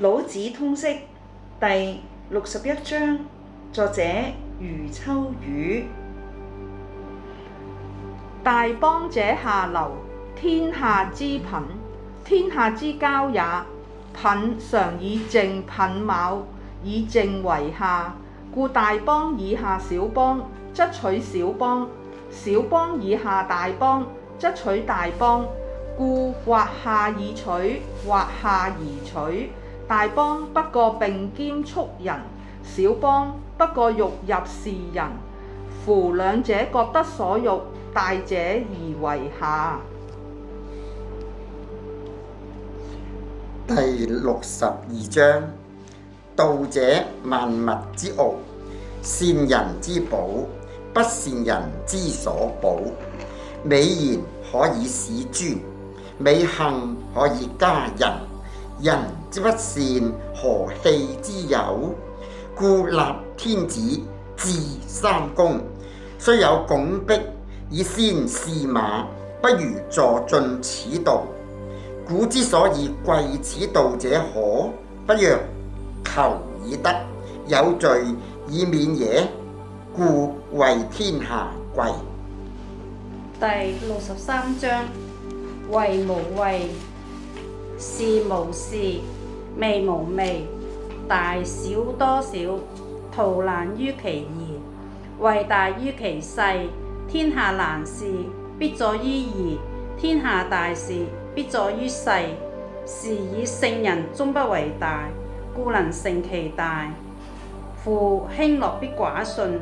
老子通釋第六十一章，作者余秋雨。大邦者下流，天下之牝，天下之交也。牝常以靜牝牡，以靜為下，故大邦以下小邦則取小邦，小邦以下大邦則取大邦。故或下以取，或下而取。大邦不過並肩促人，小邦不過欲入是人。夫兩者各得所欲，大者宜為下。第六十二章：道者，萬物之奧，善人之寶，不善人之所保。美言可以市尊，美行可以加人。人之不善何棄之有？故立天子，治三公，雖有拱璧，以先駟馬，不如坐盡此道。古之所以貴此道者，何？不若求以得，有罪以免也？故為天下貴。第六十三章：為無為，事無事。味無味，大小多少，圖難於其易，為大於其細。天下難事，必作於易；天下大事，必作於細。是以聖人終不為大，故能成其大。夫輕諾必寡信，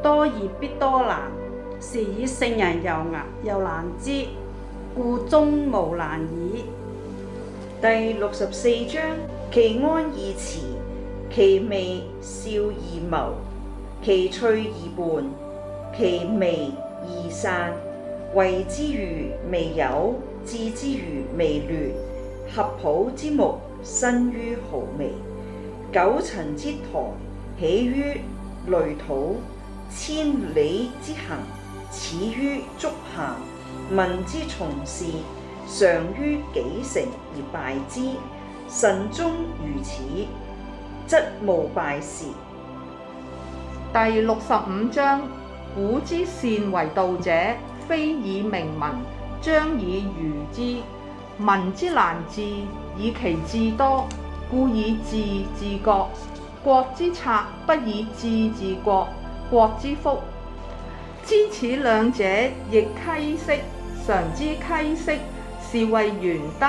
多易必多難。是以聖人猶難，又難知，故終無難矣。第六十四章：其安易持。其未兆易謀，其脆易泮，其微易散。為之於未有，治之於未亂。合抱之木，生於毫微。九層之台，起於累土；千里之行，始於足行。民之從事。常於幾成而敗之，慎終如始，則無敗事。第六十五章：古之善為道者，非以明民，將以愚之。民之難治，以其智多；故以智治國，國之策，不以智治國，國之福。知此兩者，亦稽式。常之稽式。是謂玄德，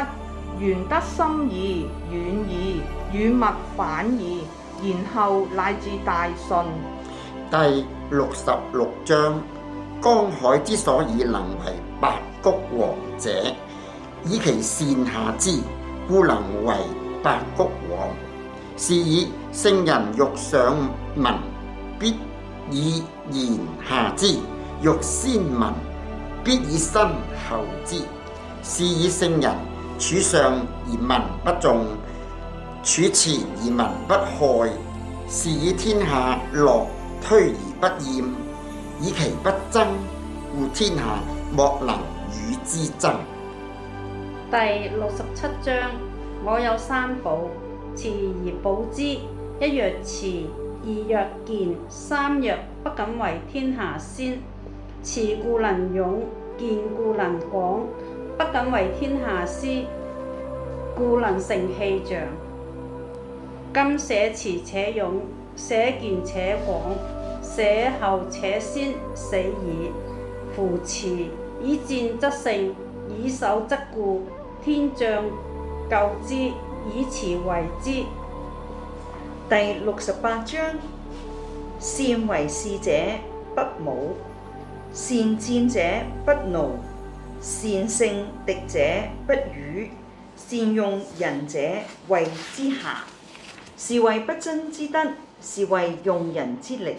玄德深矣遠矣，與物反矣，然後乃至大順。第六十六章：江海之所以能為百谷王者，以其善下之，故能為百谷王。是以聖人欲上民，必以言下之；欲先民，必以身後之。是以聖人處上而民不重，處前而民不害。是以天下樂推而不厭，以其不爭，故天下莫能與之爭。第六十七章：我有三寶，持而保之。一曰慈，二曰儉，三曰不敢為天下先。慈故能勇，儉故能廣。不敢為天下先，故能成器長。今舍慈且勇，舍儉且廣，舍後且先，死矣。夫慈，以戰則勝，以守則固。天將救之，以慈為之。第六十八章：善為士者不武，善戰者不怒。善勝敵者不與，善用人者為之下。是謂不爭之德，是謂用人之力，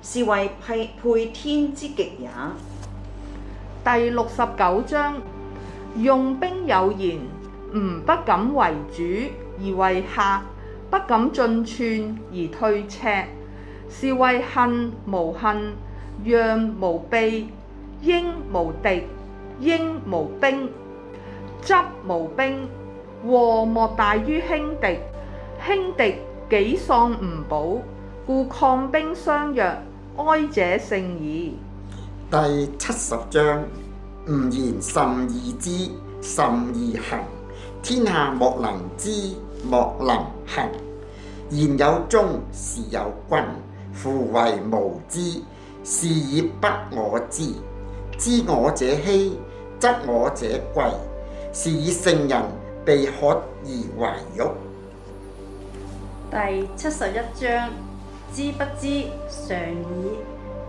是謂配天之極也。第六十九章：用兵有言，吾不敢為主而為客，不敢進寸而退尺。是謂恨無恨，讓無避，應無敵。兵無兵，執無兵，禍莫大於輕敵。輕敵幾喪吾寶，故抗兵相若，哀者勝矣。第七十章：吾言甚易知，甚易行，天下莫能知，莫能行。言有宗，事有君。夫為無知，是以不我知。知我者希。則我者貴，是以聖人被渴而懷玉。第七十一章：知不知，常以，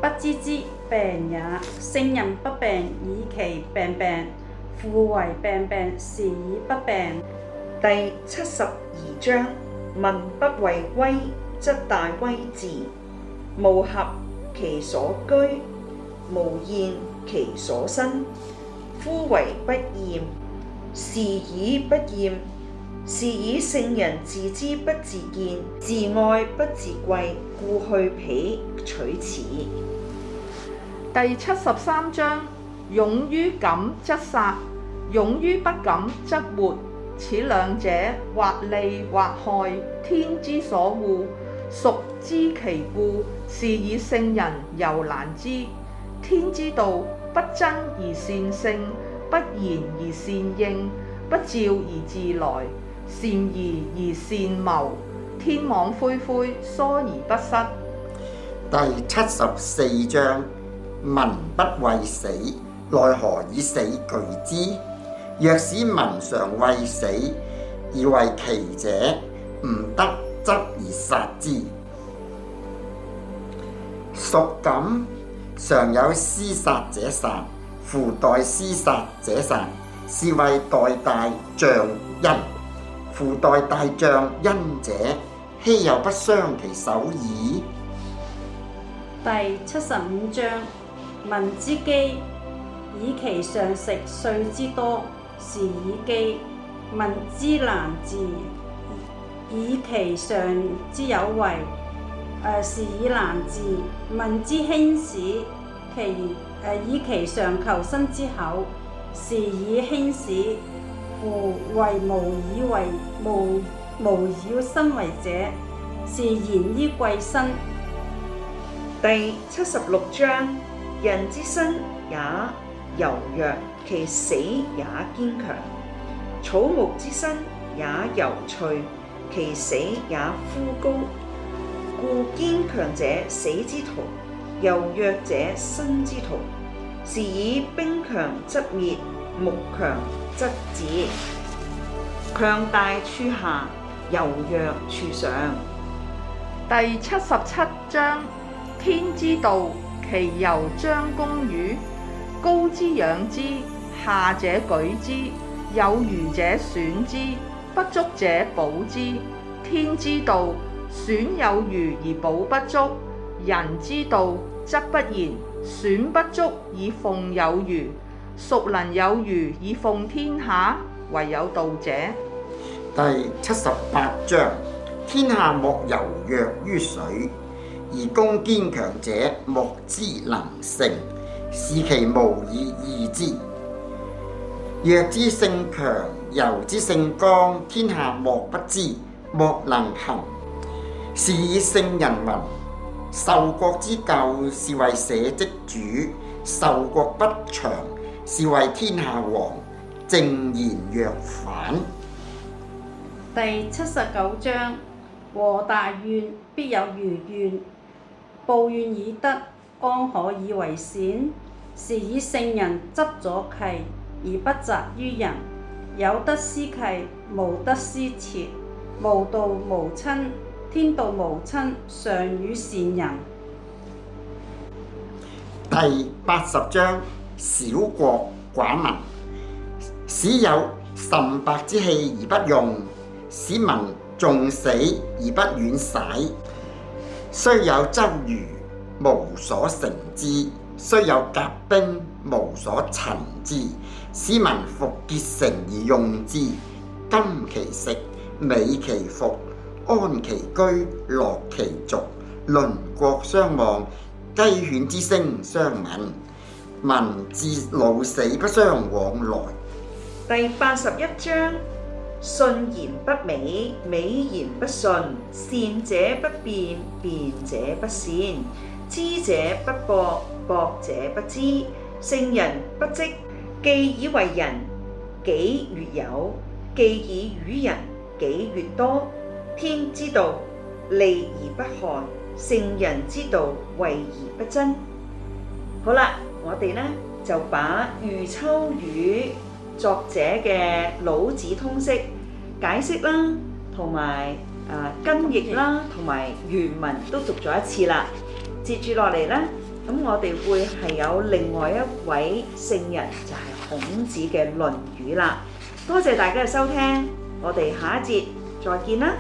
不知之病也。聖人不病，以其病病；夫為病病，是以不病。第七十二章：民不畏威，則大威至；無合其所居，無厭其所生。夫為不厭，是以不厭；是以聖人自知不自見，自愛不自貴，故去彼取此。第七十三章：勇於敢則殺，勇於不敢則活。此兩者，或利或害，天之所惡，孰知其故？是以聖人猶難之。天之道。不爭而善勝，不言而善應，不召而自來，善疑而,而善謀。天網恢恢，疏而不失。第七十四章：民不畏死，奈何以死懼之？若使民常畏死，而為其者，吾得則而殺之。孰敢？常有司殺者殺，夫代司殺者殺，是為代大匠恩。夫代大匠恩者，希有不傷其手矣。第七十五章：民之饑，以其上食稅之多；是以饑。民之難治，以其上之有為。誒是以難治，民之輕死，其誒以其上求生之厚。是以輕死，故為無以為無無以生為者，是言於貴生。第七十六章：人之生也柔弱，其死也堅強；草木之生也柔脆，其死也枯槁。故堅強者死之徒，柔弱者生之徒。是以兵強則滅，木強則折。強大處下，柔弱處上。第七十七章：天之道，其猶張弓與？高者仰之，下者舉之；有餘者損之，不足者補之。天之道。選有餘而補不足，人之道則不然。選不足以奉有餘，孰能有餘以奉天下？唯有道者。第七十八章：天下莫柔弱於水，而攻堅強者莫之能勝，是其無以易之。若之勝強，柔之勝剛，天下莫不知，莫能行。是以聖人民，受國之垢，是為社稷主；受國不祥，是為天下王。正言若反。第七十九章：和大怨，必有餘怨；報怨以德，安可以為善？是以聖人執左契，而不責於人。有德思契，無德思徹。無道無親。天道無親，常與善人。第八十章：小國寡民，使有什伯之器而不用，使民重死而不遠徙。雖有舟輿，無所成之；雖有甲兵，無所陳之。使民復結繩而用之，甘其食，美其服。安其居，樂其俗，鄰國相望，雞犬之聲相聞，民至老死不相往來。第八十一章：信言不美，美言不信；善者不辯，辯者不善；知者不博，博者不知。聖人不積，既以為人，己愈有；既以與人，己愈多。天之道，利而不害；聖人之道，為而不爭。好啦，我哋呢就把余秋雨作者嘅《老子通釋》解釋啦，同埋啊今譯啦，同埋原文都讀咗一次啦。接住落嚟呢，咁我哋會係有另外一位聖人，就係孔子嘅《論語》啦。多謝大家嘅收聽，我哋下一節再見啦。